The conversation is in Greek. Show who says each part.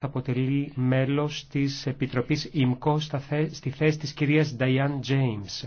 Speaker 1: αποτελεί μέλος της Επιτροπής ΙΜΚΟ στη θέση της κυρίας Νταϊάν Τζέιμς.